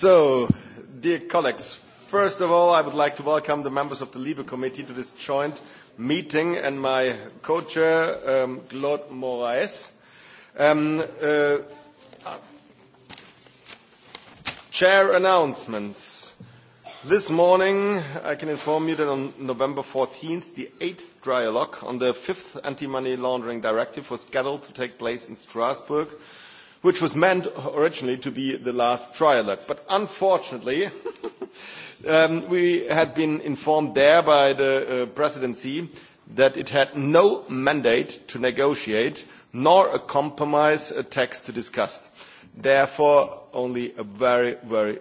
So, dear colleagues, first of all, I would like to welcome the members of the Liebe Committee to this joint meeting and my co-chair, um, Claude Moraes. Um, uh, chair announcements. This morning, I can inform you that on November 14th, the eighth dialogue on the fifth anti-money laundering directive was scheduled to take place in Strasbourg which was meant originally to be the last trilogue but unfortunately um, we had been informed there by the uh, presidency that it had no mandate to negotiate nor a compromise text to discuss therefore only a very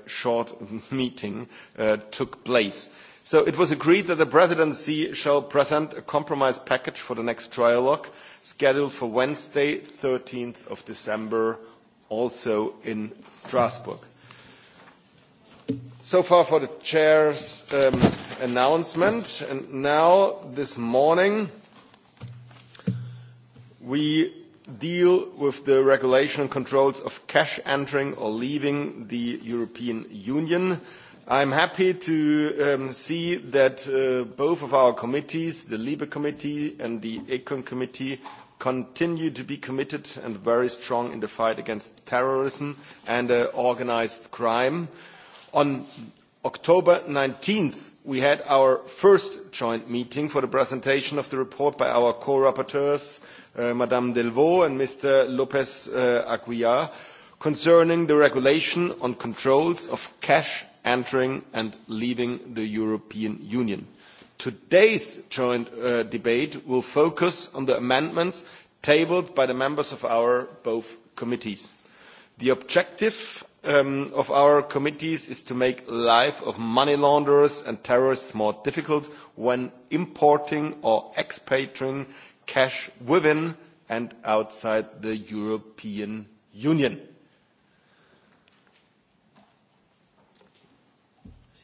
short meeting uh, took place. So it was agreed that the presidency shall present a compromise package for the next trialogue, scheduled for Wednesday, 13th of December, also in Strasbourg. So far for the chair's um, announcement. And now, this morning, we deal with the regulation controls of cash entering or leaving the European Union i am happy to um, see that uh, both of our committees the libe committee and the econ committee continue to be committed and very strong in the fight against terrorism and uh, organised crime. on nineteen october we had our first joint meeting for the presentation of the report by our co rapporteurs uh, ms delvaux and mr lpez aguilar concerning the regulation on controls of cash entering and leaving the european union. today's joint uh, debate will focus on the amendments tabled by the members of both our committees. the objective um, of our committees is to make the life of money launderers and terrorists more difficult when importing or expatriating cash within and outside the european union.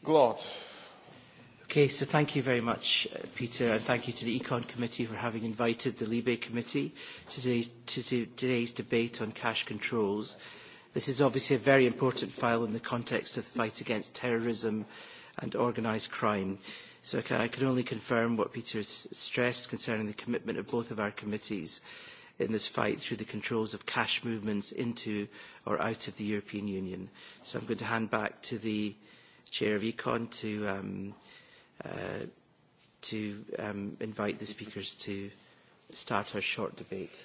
God. Okay, so thank you very much, uh, Peter, and thank you to the Econ Committee for having invited the Libe Committee to today's, to, to today's debate on cash controls. This is obviously a very important file in the context of the fight against terrorism and organised crime. So I can only confirm what Peter has stressed concerning the commitment of both of our committees in this fight through the controls of cash movements into or out of the European Union. So I'm going to hand back to the Chair, if you can, to um, uh, um, invite the speakers to start our short debate.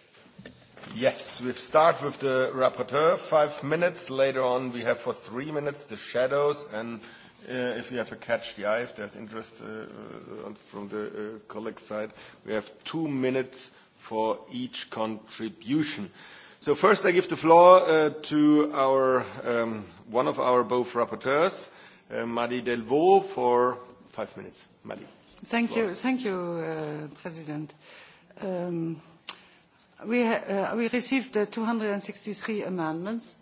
Yes. We'll start with the rapporteur, five minutes. Later on, we have for three minutes the shadows, and uh, if you have to catch the eye, if there's interest uh, from the colleague side, we have two minutes for each contribution. First, I give the floor to um, one of our both rapporteurs, Uh, madi delvaux for five minutes. madi. thank you. thank you, uh, president. Um, we, ha- uh, we received uh, 263 amendments.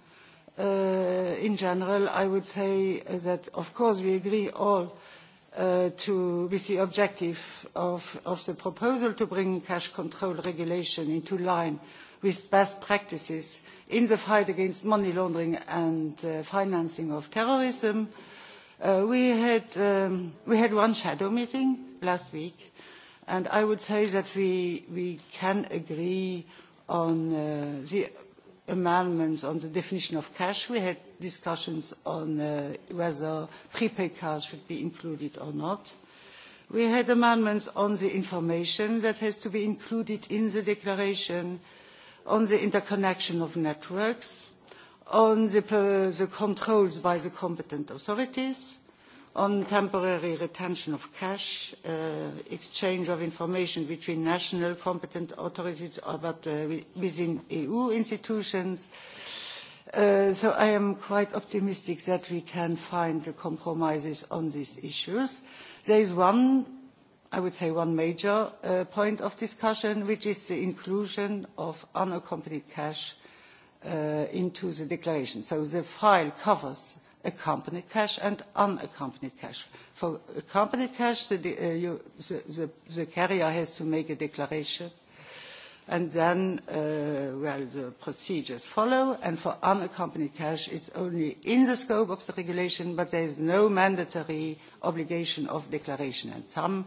Uh, in general, i would say that, of course, we agree all uh, to, with the objective of, of the proposal to bring cash control regulation into line with best practices in the fight against money laundering and uh, financing of terrorism. Uh, Uh, um, we had one shadow meeting last week and i would say that we can agree on uh, the amendments on the definition of cash. we had discussions on uh, whether prepaid cards should be included or not. we had amendments on the information that has to be included in the declaration on the interconnection of networks on the, the controls by the competent authorities, on temporary retention of cash, uh, exchange of information between national competent authorities about uh, within EU institutions. Uh, so I am quite optimistic that we can find the compromises on these issues. There is one, I would say one major uh, point of discussion, which is the inclusion of unaccompanied cash uh, Uh, into the declaration. So the file covers accompanied cash and unaccompanied cash. For accompanied cash, the, uh, you, the, the, the carrier has to make a declaration. And then, uh, well, the procedures follow. And for unaccompanied cash, it's only in the scope of the regulation, but there is no mandatory obligation of declaration. And some uh,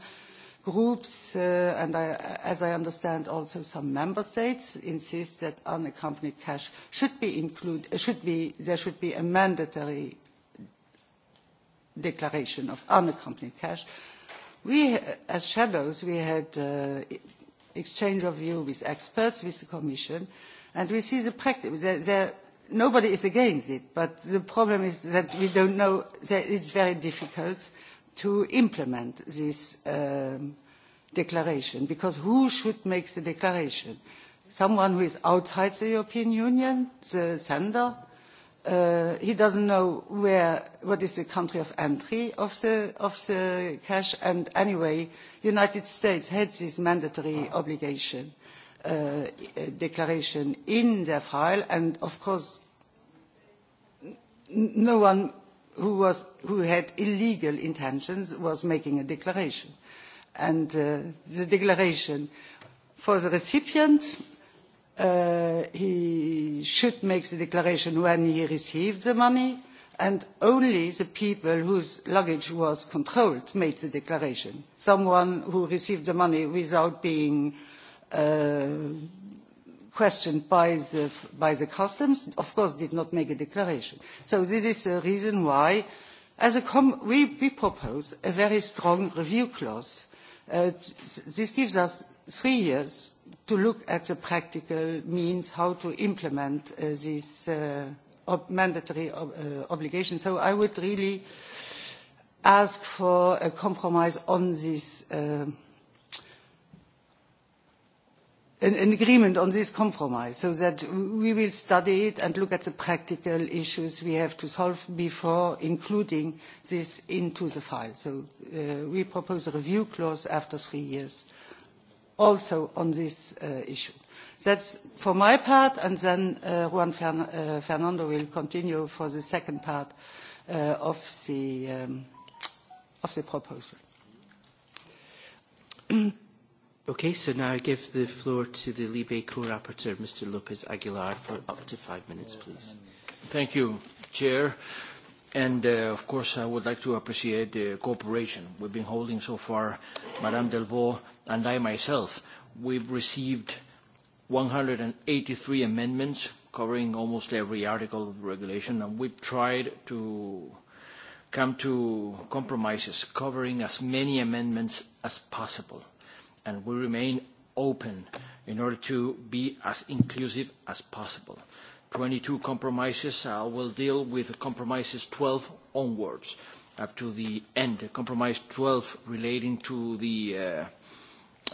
groups, uh, and I, as I understand, also some member states insist that unaccompanied cash should be included. Should be there should be a mandatory declaration of unaccompanied cash. We, as shadows, we had uh, exchange of view with experts, with the Commission, and we see the practice. There, there, nobody is against it, but the problem is that we don't know. That it's very difficult. Uh, to implement this um, declaration because who should make the declaration? Someone who is outside the European Union, the sender? Uh, he doesn't know where, what is the country of entry of the, of the cash and anyway, United States had this mandatory obligation uh, declaration in their file and of course no one who had illegal intentions was making a declaration. And uh, the declaration for the recipient, uh, he should make the declaration when he received the money, and only the people whose luggage was controlled made the declaration. Someone who received the money without being uh, questioned by the customs of course did not make a declaration. so this is the reason why we propose a very strong review clause. Uh, this gives us three years to look at the practical means how to implement uh, this uh, mandatory obligation. so i would really ask for a compromise on this an agreement on this compromise so that we will study it and look at the practical issues we have to solve before including this into the file. So uh, we propose a review clause after three years also on this uh, issue. That's for my part and then uh, Juan Fern uh, Fernando will continue for the second part uh, of, the, um, of the proposal. Okay, so now I give the floor to the Libe co-rapporteur, Mr. Lopez Aguilar, for up to five minutes, please. Thank you, Chair. And uh, of course, I would like to appreciate the cooperation we've been holding so far, Madame Delvaux and I myself. We've received 183 amendments covering almost every article of the regulation, and we've tried to come to compromises covering as many amendments as possible and we remain open in order to be as inclusive as possible. 22 compromises will deal with compromises 12 onwards up to the end. Compromise 12 relating to the uh,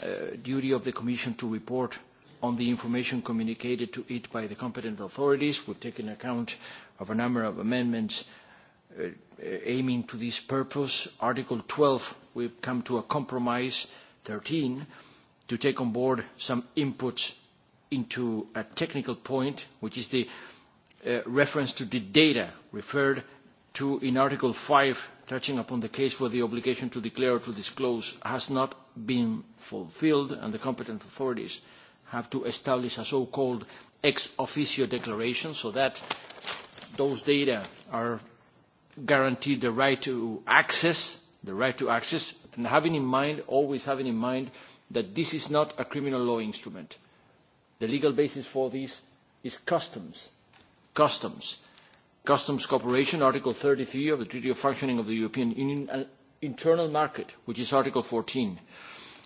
uh, duty of the Commission to report on the information communicated to it by the competent authorities. We've taken account of a number of amendments uh, aiming to this purpose. Article 12, we've come to a compromise 13, to take on board some inputs into a technical point, which is the uh, reference to the data referred to in Article 5, touching upon the case where the obligation to declare or to disclose has not been fulfilled, and the competent authorities have to establish a so-called ex officio declaration, so that those data are guaranteed the right to access the right to access, and having in mind, always having in mind, that this is not a criminal law instrument. The legal basis for this is customs. Customs. Customs cooperation, Article 33 of the Treaty of Functioning of the European Union, and internal market, which is Article 14.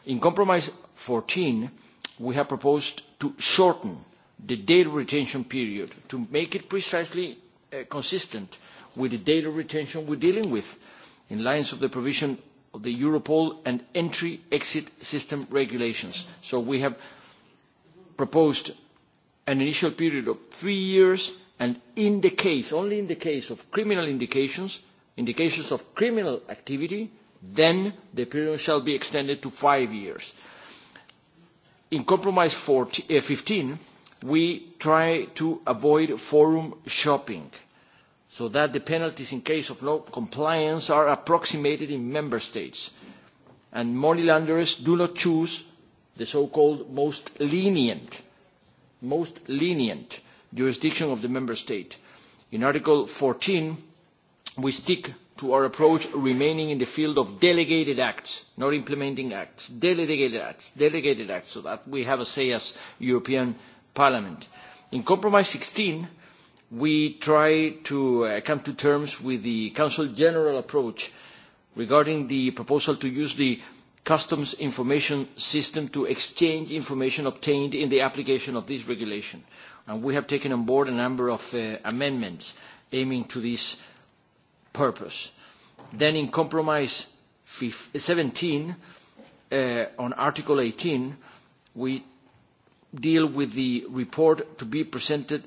In Compromise 14, we have proposed to shorten the data retention period to make it precisely uh, consistent with the data retention we're dealing with in line with the provision of the Europol and entry-exit system regulations. So we have proposed an initial period of three years, and in the case, only in the case of criminal indications, indications of criminal activity, then the period shall be extended to five years. In Compromise 14, uh, 15, we try to avoid forum shopping so that the penalties in case of low compliance are approximated in member states. And money launderers do not choose the so-called most lenient, most lenient jurisdiction of the member state. In Article 14, we stick to our approach remaining in the field of delegated acts, not implementing acts, delegated acts, delegated acts, so that we have a say as European Parliament. In Compromise 16, we try to uh, come to terms with the Council General approach regarding the proposal to use the customs information system to exchange information obtained in the application of this regulation. And we have taken on board a number of uh, amendments aiming to this purpose. Then in Compromise 17, uh, on Article 18, we deal with the report to be presented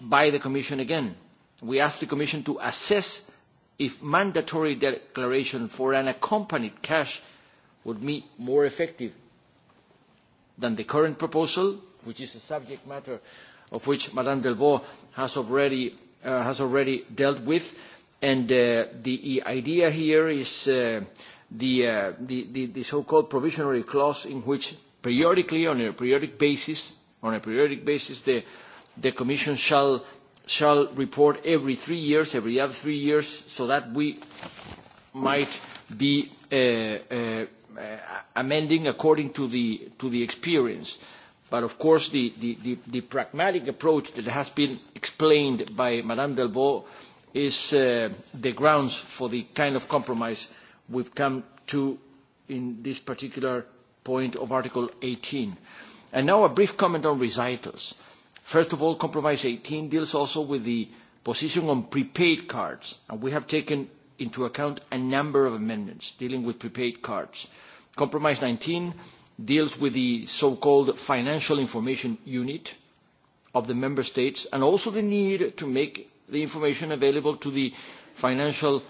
by the Commission again. We ask the Commission to assess if mandatory declaration for an accompanied cash would be more effective than the current proposal, which is a subject matter of which Madame Delvaux has already, uh, has already dealt with. And uh, the idea here is uh, the, uh, the, the, the so-called provisionary clause in which periodically, on a periodic basis, on a periodic basis, the, uh, the Commission shall, shall report every three years, every other three years, so that we might be uh, uh, amending according to the, to the experience. But of course, the, the, the, the pragmatic approach that has been explained by Madame Delvaux is uh, the grounds for the kind of compromise we've come to in this particular point of Article 18. And now a brief comment on recitals. Uh, First of all, Compromise 18 deals also with the position on prepaid cards, and we have taken into account a number of amendments dealing with prepaid cards. Compromise 19 deals with the so-called financial information unit of the member states, and also the need to make the information available to the financial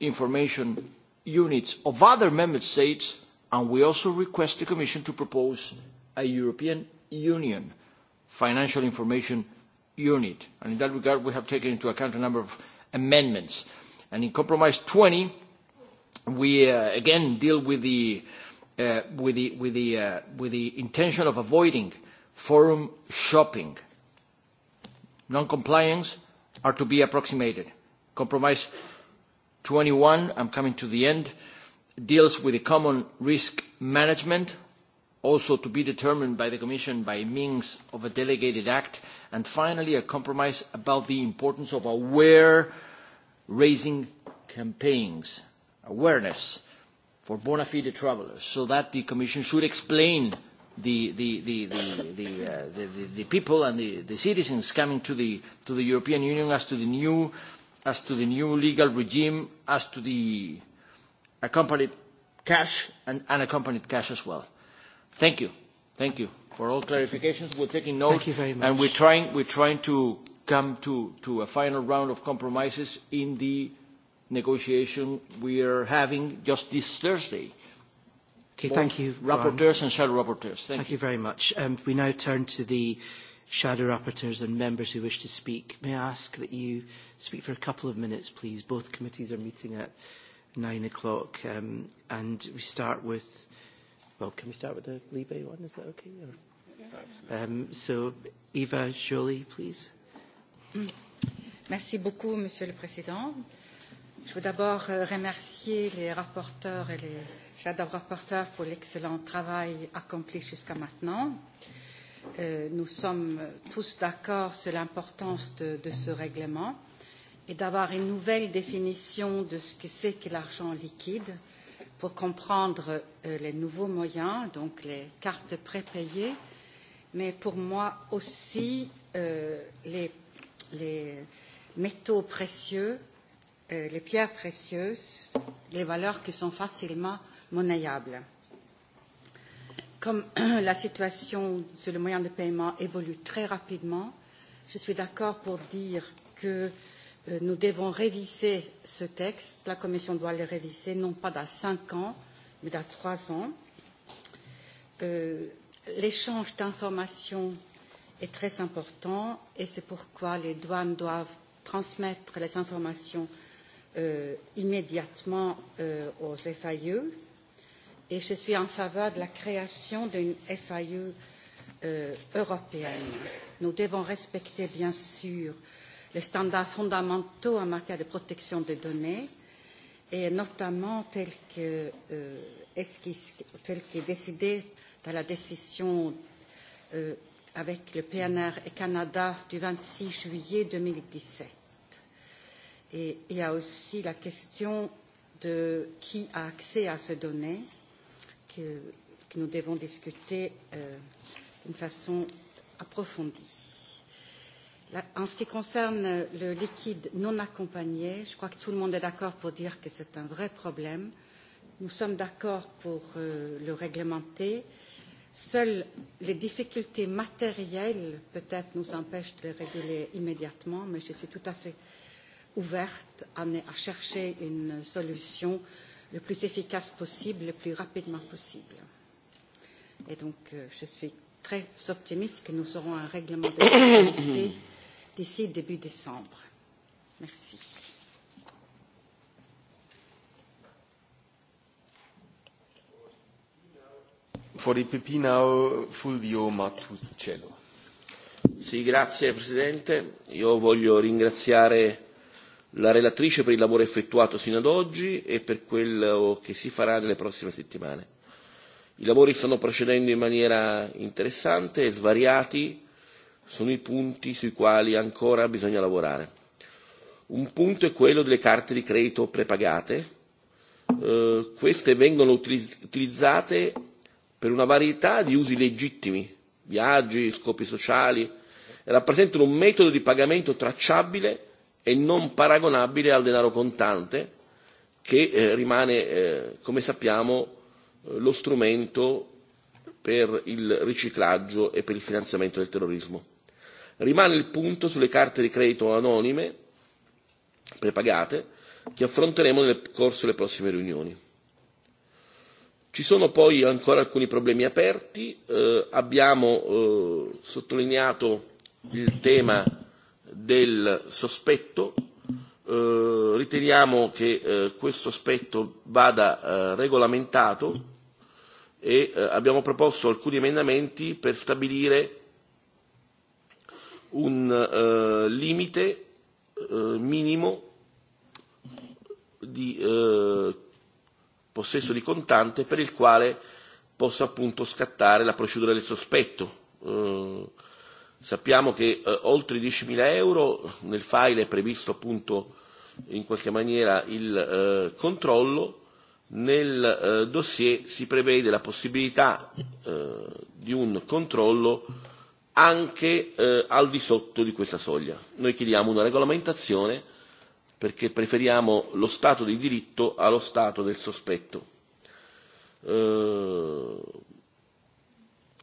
information units of other member states, and we also request the Commission to propose a European Union Financial Information Unit. In that regard, we have taken into account a number of amendments. In Compromise 20, we uh, again deal uh, uh, with the intention of avoiding forum shopping. Non-compliance are to be approximated. Compromise 21, I'm coming to the end, deals with the common risk management also to be determined by the Commission by means of a delegated act, and finally a compromise about the importance of aware-raising campaigns, awareness for bona fide travelers, so that the Commission should explain the, the, the, the, the, the, uh, the, the, the people and the, the citizens coming to the, to the European Union as to the new, as to the new legal regime, as to the accompanied cash and unaccompanied cash as well. Thank you. Thank you for all clarifications. We're taking note. Thank you very much. And we're trying, we're trying to come to, to a final round of compromises in the negotiation we are having just this Thursday. Okay, thank you. Rapporteurs and shadow rapporteurs. Thank, thank you. you very much. Um, we now turn to the shadow rapporteurs and members who wish to speak. May I ask that you speak for a couple of minutes, please? Both committees are meeting at nine o'clock. Um, and we start with. Well, can we start with the Libe one? Is that okay? Or, um, so, Eva Jolie, please. Mm. Merci beaucoup, Monsieur le Président. Je veux d'abord euh, remercier les rapporteurs et les shadow rapporteurs pour l'excellent travail accompli jusqu'à maintenant. Euh, nous sommes tous d'accord sur l'importance de, de ce règlement et d'avoir une nouvelle définition de ce que c'est que l'argent liquide euh, pour comprendre euh, les nouveaux moyens, donc les cartes prépayées, mais pour moi aussi euh, les, les métaux précieux, euh, les pierres précieuses, les valeurs qui sont facilement monnayables. Comme la situation sur le moyen de paiement évolue très rapidement, je suis d'accord pour dire que euh, Euh, nous devons réviser ce texte. La Commission doit le réviser non pas dans cinq ans, mais dans trois ans. Euh, L'échange d'informations est très important et c'est pourquoi les douanes doivent transmettre les informations euh, immédiatement euh, aux FAE. Et je suis en faveur de la création d'une FAE euh, européenne. Nous devons respecter, bien sûr, euh, les standards fondamentaux en matière de protection des données et notamment tels que, euh, tel que décidé dans la décision euh, avec le PNR et Canada du 26 juillet 2017. Et il y a aussi la question de qui a accès à ces données que, que nous devons discuter euh, d'une façon approfondie. En ce qui concerne euh, le liquide non accompagné, je crois que tout le monde est d'accord pour dire que c'est un vrai problème. Nous sommes d'accord pour euh, le réglementer. Seules les difficultés matérielles, peut-être, nous empêchent de le réguler immédiatement, mais je suis tout à fait ouverte à, à chercher une solution le plus efficace possible, le plus rapidement possible. Et donc, euh, je suis très optimiste que nous aurons un règlement de difficulté. d'ici début décembre. Merci. Fuori Pepinao, Fulvio Matuscello. Sì, grazie Presidente. Io voglio ringraziare la relatrice per il lavoro effettuato fino ad oggi e per quello che si farà nelle prossime settimane. I lavori stanno procedendo in maniera interessante e svariati sono i punti sui quali ancora bisogna lavorare. Un punto è quello delle carte di credito prepagate. Eh, queste vengono utiliz- utilizzate per una varietà di usi legittimi, viaggi, scopi sociali, e rappresentano un metodo di pagamento tracciabile e non paragonabile al denaro contante, che eh, rimane, eh, come sappiamo, eh, lo strumento per il riciclaggio e per il finanziamento del terrorismo rimane il punto sulle carte di credito anonime prepagate che affronteremo nel corso delle prossime riunioni. Ci sono poi ancora alcuni problemi aperti, eh, abbiamo eh, sottolineato il tema del sospetto, eh, riteniamo che eh, questo aspetto vada eh, regolamentato e eh, abbiamo proposto alcuni emendamenti per stabilire eh, un uh, limite uh, minimo di uh, possesso di contante per il quale possa appunto scattare la procedura del sospetto. Uh, sappiamo che uh, oltre i 10.000 euro nel file è previsto appunto in qualche maniera il uh, controllo, nel uh, dossier si prevede la possibilità uh, di un controllo uh, anche eh, al di sotto di questa soglia. Noi chiediamo una regolamentazione perché preferiamo lo Stato di diritto allo Stato del sospetto. Uh,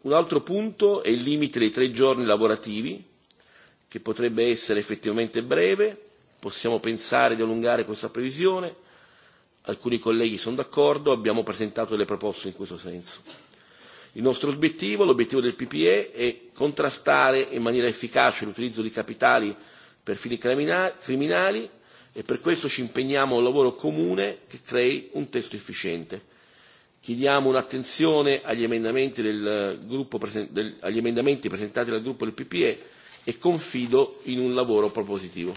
un altro punto è il limite dei tre giorni lavorativi, che potrebbe essere effettivamente breve, possiamo pensare di allungare questa previsione, alcuni colleghi sono d'accordo, abbiamo presentato delle proposte in questo senso. Il nostro obiettivo, l'obiettivo del PPE, è contrastare in maniera efficace l'utilizzo di capitali per fini criminali e per questo ci impegniamo a un lavoro comune che crei un testo efficiente. Chiediamo un'attenzione agli emendamenti, del gruppo, agli emendamenti presentati dal gruppo del PPE e confido in un lavoro propositivo.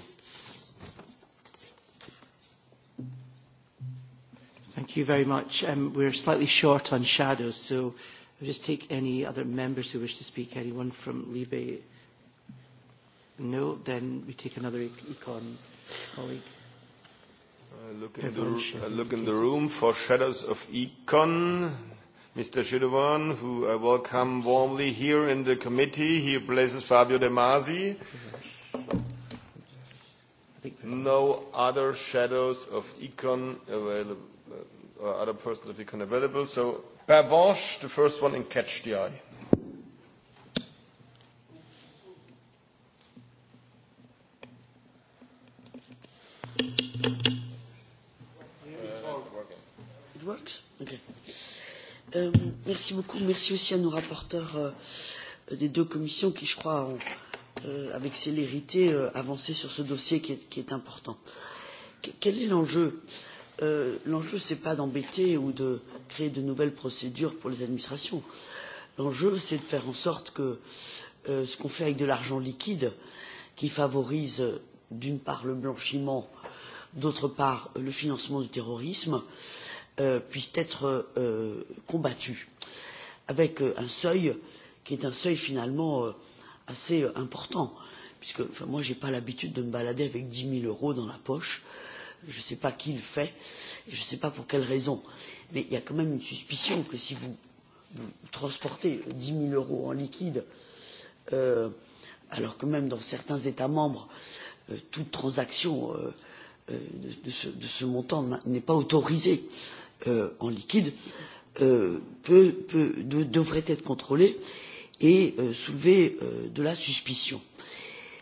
Thank you very much. Um, we're slightly short on shadows, so... I'll just take any other members who wish to speak. Anyone from Libe? No, then we take another e-, econ colleague. I look, in the, I look in the room for shadows of econ. Mr. Shidovan, who I welcome warmly here in the committee, he replaces Fabio De Masi. No other shadows of econ available, or uh, other persons of econ available. So Per Vange, the first one in Catch the Eye. It works? Okay. Euh, merci beaucoup. Merci aussi à nos rapporteurs euh, des deux commissions qui, je crois, ont, euh, avec célérité, euh, avancé sur ce dossier qui est, qui est important. Qu quel est l'enjeu euh, Euh, l'enjeu, ce n'est pas d'embêter ou de créer de nouvelles procédures pour les administrations. L'enjeu, c'est de faire en sorte que euh, ce qu'on fait avec de l'argent liquide, qui favorise d'une part le blanchiment, d'autre part le financement du terrorisme, euh, puisse être euh, combattu avec euh, un seuil qui est un seuil finalement euh, assez euh, important. Puisque enfin, moi, je n'ai pas l'habitude de me balader avec 10 000 euros dans la poche. Je ne sais pas qui le fait, je ne sais pas pour quelle raison. Mais il y a quand même une suspicion que si vous, vous transportez 10 000 euros en liquide, euh, alors que même dans certains États membres, euh, toute transaction euh, euh, de, de, ce, de ce montant n'est pas autorisée euh, en liquide, euh, peut, peut, de, devrait être contrôlée et euh, soulever euh, de la suspicion.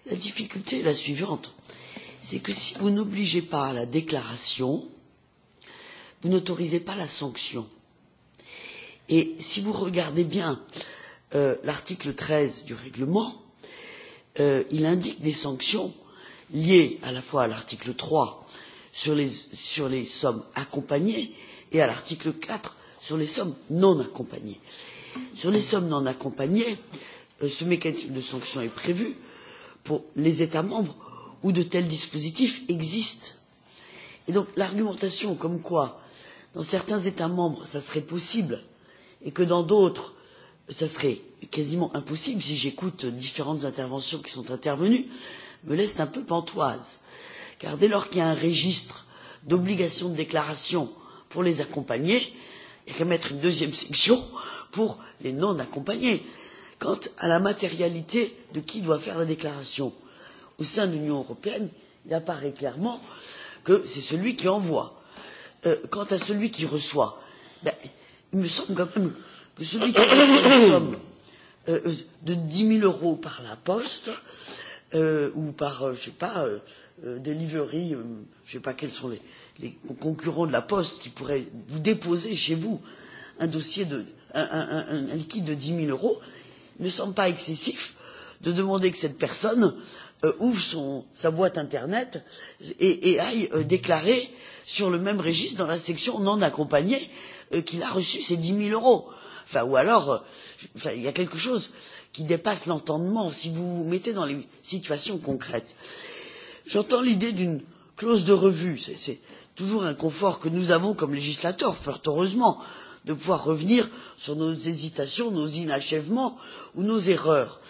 La difficulté est la suivante c'est que si vous n'obligez pas à la déclaration, vous n'autorisez pas la sanction. Et si vous regardez bien euh, l'article 13 du règlement, euh, il indique des sanctions liées à la fois à l'article 3 sur les, sur les sommes accompagnées et à l'article 4 sur les sommes non accompagnées. Sur les sommes non accompagnées, euh, ce mécanisme de sanction est prévu pour les États membres où de tels dispositifs existent. Et donc l'argumentation comme quoi dans certains États membres ça serait possible et que dans d'autres ça serait quasiment impossible si j'écoute différentes interventions qui sont intervenues me laisse un peu pantoise car dès lors qu'il y a un registre d'obligation de déclaration pour les accompagner, il y a qu'à mettre une deuxième section pour les non accompagnés. Quant à la matérialité de qui doit faire la déclaration, au sein de l'Union européenne, il apparaît clairement que c'est celui qui envoie. Euh, quant à celui qui reçoit, ben, il me semble quand même que celui qui reçoit une somme euh, euh de 10 000 euros par la poste, euh, ou par, euh, je ne sais pas, euh, euh, delivery, euh, je ne sais pas quels sont les, les concurrents de la poste qui pourraient vous déposer chez vous un dossier de. Un, un, un, un liquide de 10 000 euros, il ne semble pas excessif de demander que cette personne Euh, ouvre son, sa boîte internet et, et aille euh, déclarer sur le même registre dans la section non accompagné euh, qu'il a reçu ses dix mille euros. Enfin, ou alors euh, il enfin, y a quelque chose qui dépasse l'entendement si vous vous mettez dans les situations concrètes. J'entends l'idée d'une clause de revue. C'est, c'est toujours un confort que nous avons comme législateurs, fort heureusement, de pouvoir revenir sur nos hésitations, nos inachèvements ou nos erreurs.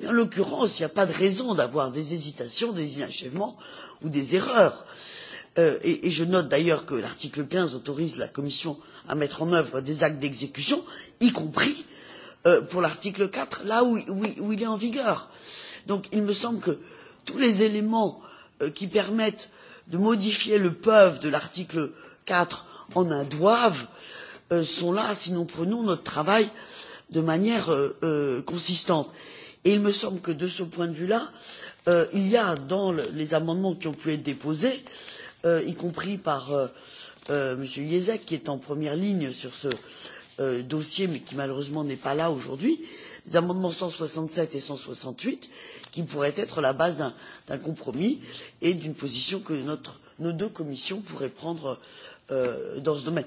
Et en l'occurrence, il n'y a pas de raison d'avoir des hésitations, des inachèvements ou des erreurs. Euh, et, et je note d'ailleurs que l'article 15 autorise la Commission à mettre en œuvre des actes d'exécution, y compris euh, pour l'article 4, là où, où, où il est en vigueur. Donc il me semble que tous les éléments euh, qui permettent de modifier le peuvent de l'article 4 en un doivent euh, sont là si nous prenons notre travail de manière euh, euh, consistante et il me semble que de ce point de vue là euh, il y a dans les amendements qui ont pu être déposés euh, y compris par euh, m. jezek qui est en première ligne sur ce dossier mais qui malheureusement n'est pas là aujourd'hui les amendements cent soixante sept et cent soixante huit qui pourraient être la base d'un compromis et d'une position que nos deux commissions pourraient prendre dans ce domaine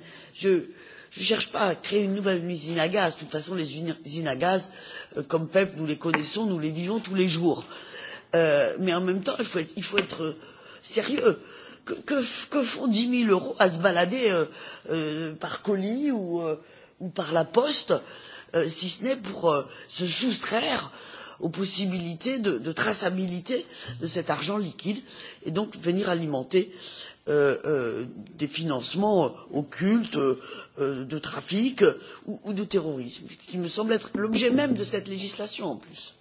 je ne cherche pas à créer une nouvelle usine à gaz de toute façon les usines à gaz euh, comme pep nous les connaissons nous les vivons tous les jours euh, mais en même temps il faut être, il faut être euh, sérieux que, que, que font dix mille euros à se balader euh, euh, par colis ou, euh, ou par la poste euh, si ce n'est pour euh, se soustraire euh, aux possibilités de traçabilité de cet argent liquide et donc venir alimenter euh, euh, des financements euh, occultes de trafic ou de terrorisme ce qui me semble être l'objet même de cette législation en plus.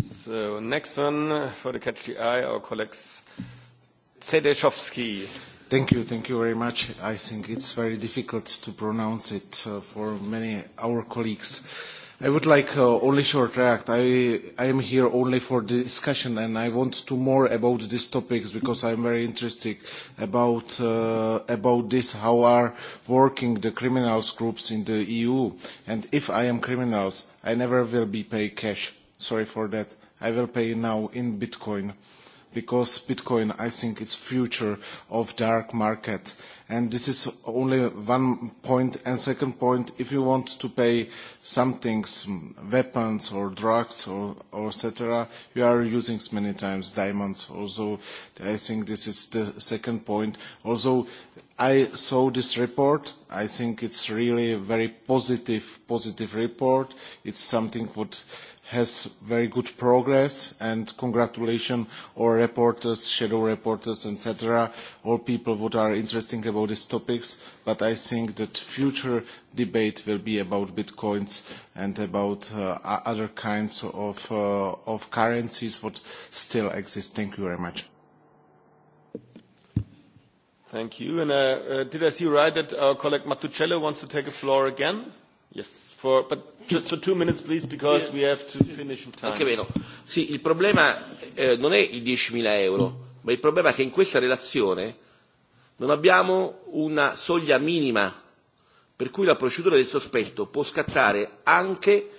So next one for the catch the eye our colleague Cedeschovsky. Thank you. Thank you very much. I think it's very difficult to pronounce it uh, for many our colleagues. I would like uh, only short react. I, I am here only for the discussion and I want to more about these topics because I am very interested about, uh, about this, how are working the criminals groups in the EU. And if I am criminals, I never will be paid cash. Sorry for that. I will pay now in Bitcoin. Uh, because Bitcoin, I think, is future of dark market. And this is only one point. And second point, if you want to pay some things, weapons or drugs or, or etc., you are using many times diamonds. Also, I think this is the second point. Also, I saw this report. I think it's really a very positive, positive report. It's something what has very good progress and congratulations all reporters, shadow reporters, etc., all people who are interesting about these topics. But I think that future debate will be about bitcoins and about uh, other kinds of, uh, of currencies that still exist. Thank you very much. Thank you. And uh, uh, did I see right that our colleague Mattucello wants to take a floor again? il problema eh, non è i diecimila euro ma il problema è che in questa relazione non abbiamo una soglia minima per cui la procedura del sospetto può scattare anche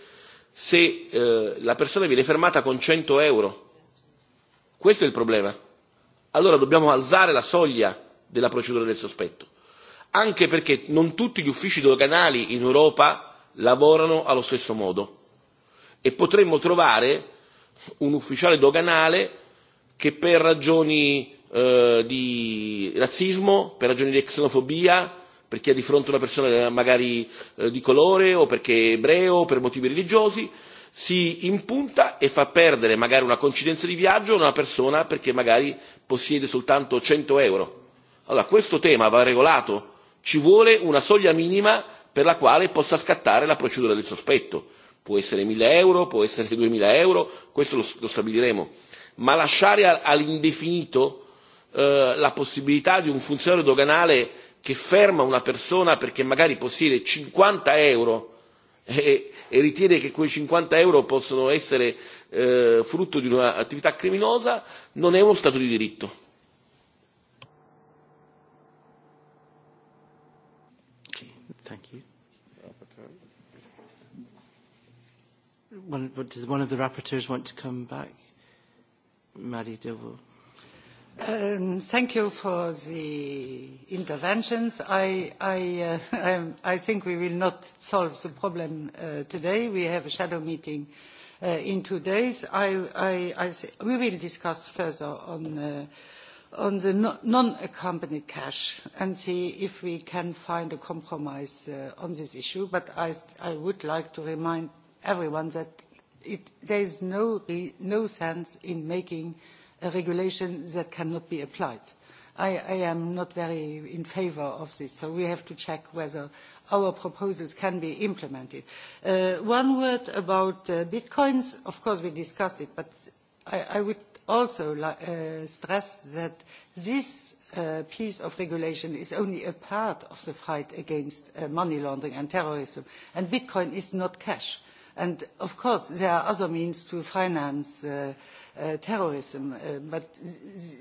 se eh, la persona viene fermata con cento euro questo è il problema allora dobbiamo alzare la soglia della procedura del sospetto anche perché non tutti gli uffici doganali in Europa lavorano allo stesso modo e potremmo trovare un ufficiale doganale che per ragioni eh, di razzismo, per ragioni di xenofobia, perché ha di fronte una persona eh, magari eh, di colore o perché è ebreo o per motivi religiosi, si impunta e fa perdere magari una coincidenza di viaggio a una persona perché magari possiede soltanto 100 euro. Allora questo tema va regolato ci vuole una soglia minima per la quale possa scattare la procedura del sospetto può essere mille euro può essere duemila euro questo lo stabiliremo ma lasciare all'indefinito eh, la possibilità di un funzionario doganale che ferma una persona perché magari possiede 50 euro e, e ritiene che quei 50 euro possono essere eh, frutto di un'attività criminosa non è uno Stato di diritto. one, what, does one of the rapporteurs want to come back? Marie Devaux. Um, thank you for the interventions. I, I, uh, um, I think we will not solve the problem uh, today. We have a shadow meeting uh, in two days. I, I, I th- we will discuss further on, uh, on the no- non-accompanied cash and see if we can find a compromise uh, on this issue. But I, th- I would like to remind everyone that it, there is no, re, no sense in making a regulation that cannot be applied. I, I am not very in favor of this, so we have to check whether our proposals can be implemented. Uh, one word about uh, bitcoins, of course we discussed it, but I, I would also uh, stress that this a uh, piece of regulation is only a part of the fight against uh, money laundering and terrorism. And Bitcoin is not cash. Uh, of course there are other means to finance uh, uh, terrorism uh, but th-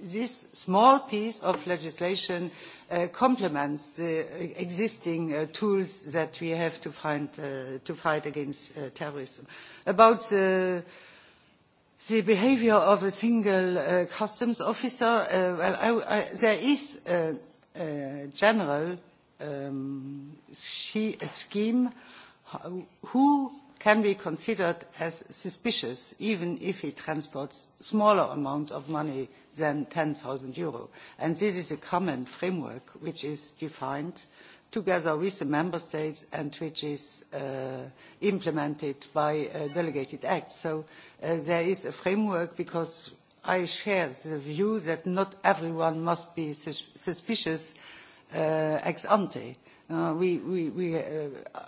this small piece of legislation uh, complements the uh, existing uh, tools that we have to find uh, to fight against uh, terrorism about the uh, the behavior of a single uh, customs officer, uh, well, I, I, there is a, a general um, she, a scheme who can be considered as suspicious even if he transports smaller amounts of money than €10,000. And this is a common framework which is defined together with the member states and which is uh, implemented by a uh, delegated acts. So uh, there is a framework because I share the view that not everyone must be sus suspicious uh, ex ante. Uh, Uh, we, uh,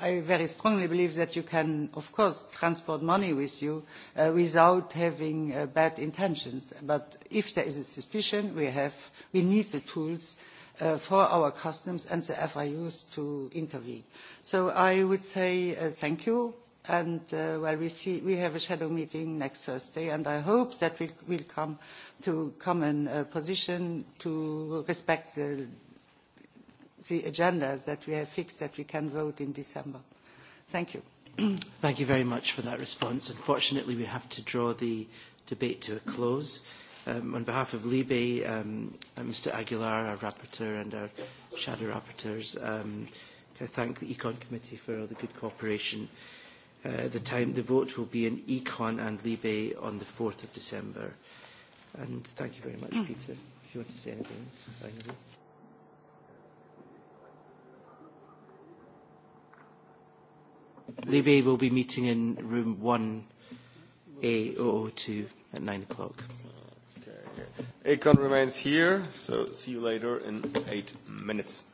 I very strongly believe that you can, of course, transport money with you uh, without having uh, bad intentions. But if there is a suspicion, we, have, we need the tools uh, for our customs and the FIUs to intervene. So I would say uh, thank you. And uh, well, we, see, we have a shadow meeting next Thursday, and I hope that we will come to common uh, position to respect the the agenda that we have fixed that we can vote in December. Thank you. Thank you very much for that response. Unfortunately, we have to draw the debate to a close. Um, on behalf of Libe, um, Mr Aguilar, our rapporteur and our shadow rapporteurs, um, I thank the Econ Committee for all the good cooperation. Uh, the time the vote will be in Econ and Libe on the 4th of December. And thank you very much, Peter, if you want to say anything. Finally. Libby will be meeting in room 1A002 at 9 o'clock. Okay. Akon remains here, so see you later in eight minutes.